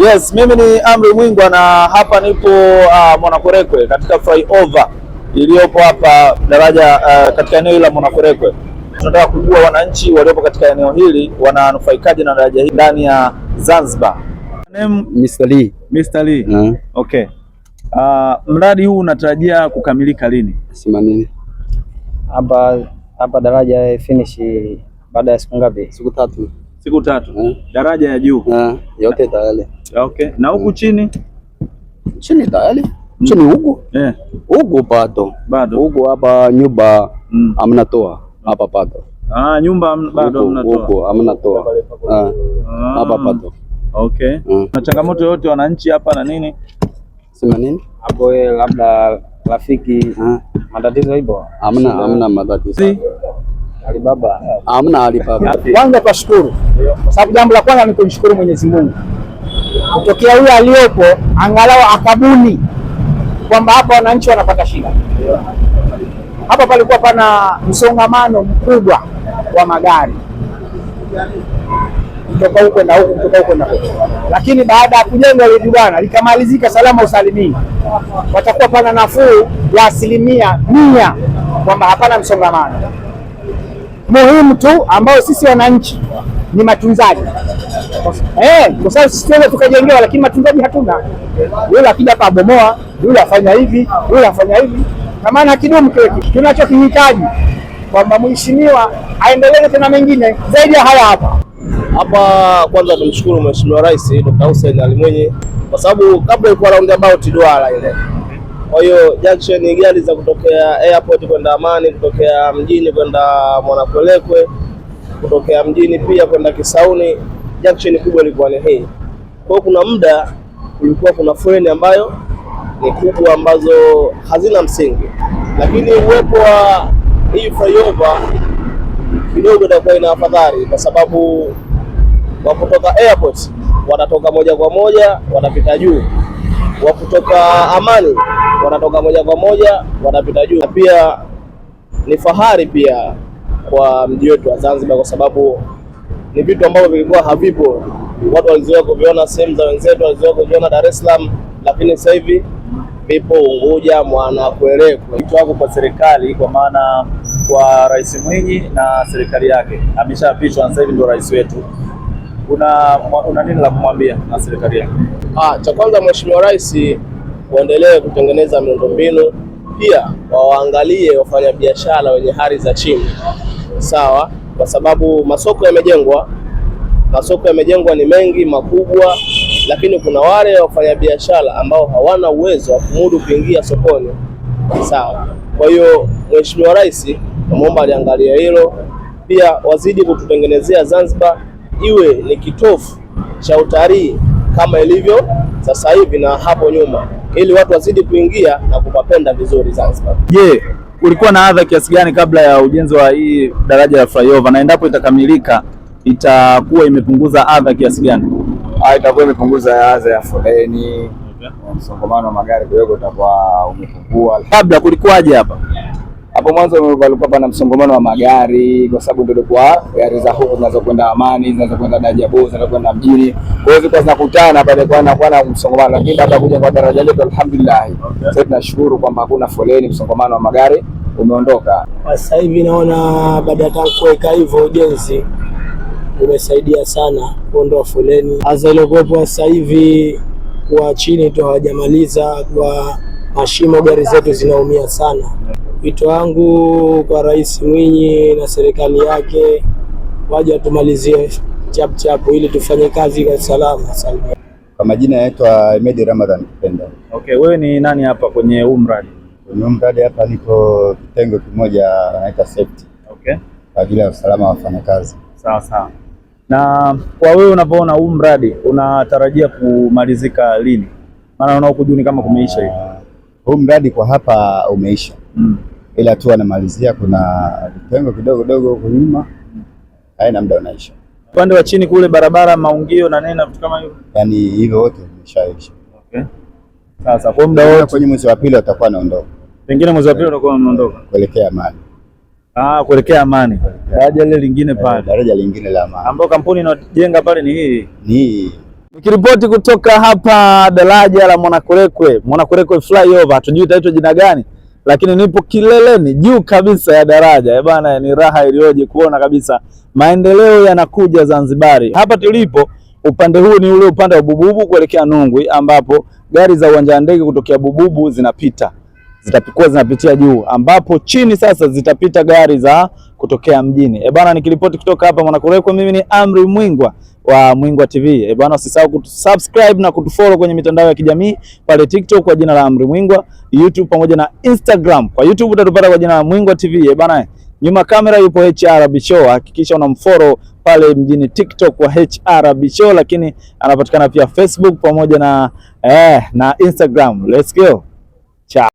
Yes, mimi ni Amri Mwingwa na hapa nipo uh, ah, Mwanakwerekwe katika flyover iliyopo hapa daraja uh, katika eneo la Mwanakwerekwe. Tunataka kujua wananchi waliopo katika eneo hili wananufaikaje na daraja hili ndani ya Zanzibar. Name Mr. Lee. Mr. Lee. Mm. Okay. Uh, mradi huu unatarajia kukamilika lini? Themanini. Hapa hapa daraja finish baada ya siku ngapi? Siku tatu siku tatu ha. Eh. Daraja ya juu eh, yote tayari. Okay, na huku mm. chini chini tayari chini huku eh. Huku pato bado huku hapa nyumba mm. toa hapa pato ah, nyumba bado huku amnatoa eh. ah. hapa pato okay mm. Na changamoto yote wananchi hapa na nini sema nini hapo, labda rafiki, matatizo hivyo hamna, hamna matatizo Alibaba. Hamna Alibaba. Kwanza twashukuru kwa sababu jambo la kwanza ni kumshukuru Mwenyezi Mungu kutokea huyo aliyopo, angalau akabuni kwamba hapa wananchi wanapata shida. Hapa palikuwa pana msongamano mkubwa wa magari kutoka huko na huko, kutoka huko na huko, lakini baada ya kujenga hili bwana likamalizika salama usalimini, watakuwa pana nafuu ya asilimia mia kwamba hapana msongamano muhimu tu ambayo sisi wananchi ni matunzaji eh, kwa sababu sisi tunaweza tukajengewa, lakini matunzaji hatuna. Yule akija hapa abomoa, yule afanya hivi, yule afanya hivi, na maana akidumu kile kitu tunachokihitaji, kwamba mheshimiwa aendelee tena mengine zaidi ya haya hapa hapa. Kwanza tumshukuru Mheshimiwa Rais Dr. Hussein Ali Mwinyi kwa sababu kabla ilikuwa about duara ile kwa hiyo junction ni gari za kutokea airport kwenda Amani, kutokea mjini kwenda Mwanakwelekwe, kutokea mjini pia kwenda Kisauni. Junction kubwa ilikuwa ni hii. Kwa hiyo kuna muda kulikuwa kuna foleni ambayo ni kubwa ambazo hazina msingi, lakini uwepo wa hii flyover kidogo itakuwa ina afadhali, kwa sababu wa kutoka airport watatoka moja kwa moja, watapita juu, wa kutoka Amani wanatoka moja kwa moja wanapita juu, na pia ni fahari pia kwa mji wetu wa Zanzibar, kwa sababu ni vitu ambavyo vilikuwa havipo. Watu walizoea kuviona sehemu za wenzetu, walizoea kuviona Dar es Salaam, lakini sasa hivi vipo Unguja, Mwana, Kwerekwe. Kitu wako kwa serikali, kwa maana kwa Rais Mwinyi na serikali yake, ameshapishwa sasa hivi ndio rais wetu, una, una nini la kumwambia na serikali yake? Ah, cha kwanza Mheshimiwa Rais waendelee kutengeneza miundombinu, pia wawaangalie wafanyabiashara wenye hali za chini, sawa, kwa sababu masoko yamejengwa, masoko yamejengwa ni mengi makubwa, lakini kuna wale wafanyabiashara ambao hawana uwezo wa kumudu kuingia sokoni, sawa. Kwa hiyo Mheshimiwa Rais namuomba aliangalia hilo pia, wazidi kututengenezea Zanzibar iwe ni kitofu cha utalii kama ilivyo sasa hivi na hapo nyuma ili watu wazidi kuingia na kupapenda vizuri Zanzibar. Je, yeah, ulikuwa na adha kiasi gani kabla ya ujenzi wa hii daraja la flyover na endapo itakamilika itakuwa imepunguza adha kiasi gani? Ah, itakuwa imepunguza adha ya foleni, msongamano wa magari kidogo utakuwa umepungua. Kabla kulikuwaje hapa? hapo mwanzo palikuwa pana msongamano wa magari kwa sababu ndio kwa gari za huko zinazokwenda Amani, zinazokwenda Dajabu, zinazokwenda mjini, kwa hiyo zilikuwa zinakutana pale, kwa na kwa msongamano. Lakini baada kuja kwa daraja letu, alhamdulillah, sasa tunashukuru kwamba hakuna foleni, msongamano wa magari umeondoka. Sasa hivi naona baada ya kuweka hivyo ujenzi umesaidia sana kuondoa foleni, hasa ile kuwepo sasa hivi kwa chini tu hawajamaliza kwa mashimo, gari zetu zinaumia sana. Wito wangu kwa Rais Mwinyi na serikali yake waje watumalizie chap chap ili tufanye kazi kwa salama. Kwa majina yaitwa Ahmed Ramadan Kupenda. Okay, wewe ni nani hapa kwenye huu mradi? Kwenye huu mradi hapa niko kitengo kimoja anaita safety. Okay. Kwa ajili ya usalama wa wafanyakazi. Sawa sawa. Na kwa wewe unavyoona huu mradi unatarajia kumalizika lini? Maana unaokujuni kama kumeisha hivi. Ah, huu mradi kwa hapa umeisha. Mm ila tu anamalizia, kuna vitengo kidogo dogo huko nyuma, haina muda unaisha. Upande wa chini kule barabara maungio na nini na vitu kama hivyo, yani hivyo wote imeshaisha. Okay, sasa kwa muda wote kwenye mwezi wa pili atakuwa anaondoka, pengine mwezi wa pili atakuwa anaondoka kuelekea Amani. Ah, kuelekea Amani, daraja lile lingine eh, pale, daraja lingine la Amani Ambapo kampuni inajenga pale ni hii ni hii. Nikiripoti kutoka hapa daraja la Mwanakwerekwe, Mwanakwerekwe flyover, tujui itaitwa jina gani lakini nipo kileleni juu kabisa ya daraja eh bana, ni raha iliyoje kuona kabisa maendeleo yanakuja Zanzibari. Hapa tulipo upande huu ni ule upande wa Bububu kuelekea Nungwi, ambapo gari za uwanja wa ndege kutokea Bububu zinapita zitapikuwa zinapitia juu, ambapo chini sasa zitapita gari za kutokea mjini. E bana, nikiripoti kutoka hapa Mwanakurekwe, mimi ni Amri Mwingwa wa Mwingwa TV. E eh, bwana usisahau kutusubscribe na kutufollow kwenye mitandao ya kijamii pale TikTok kwa jina la Amri Mwingwa, YouTube pamoja na Instagram. Kwa YouTube utatupata kwa jina la Mwingwa TV. E eh, bwana nyuma kamera yupo HR Bisho, hakikisha unamfollow pale mjini TikTok wa HR Bisho, lakini anapatikana pia Facebook pamoja na eh, na Instagram. Let's go.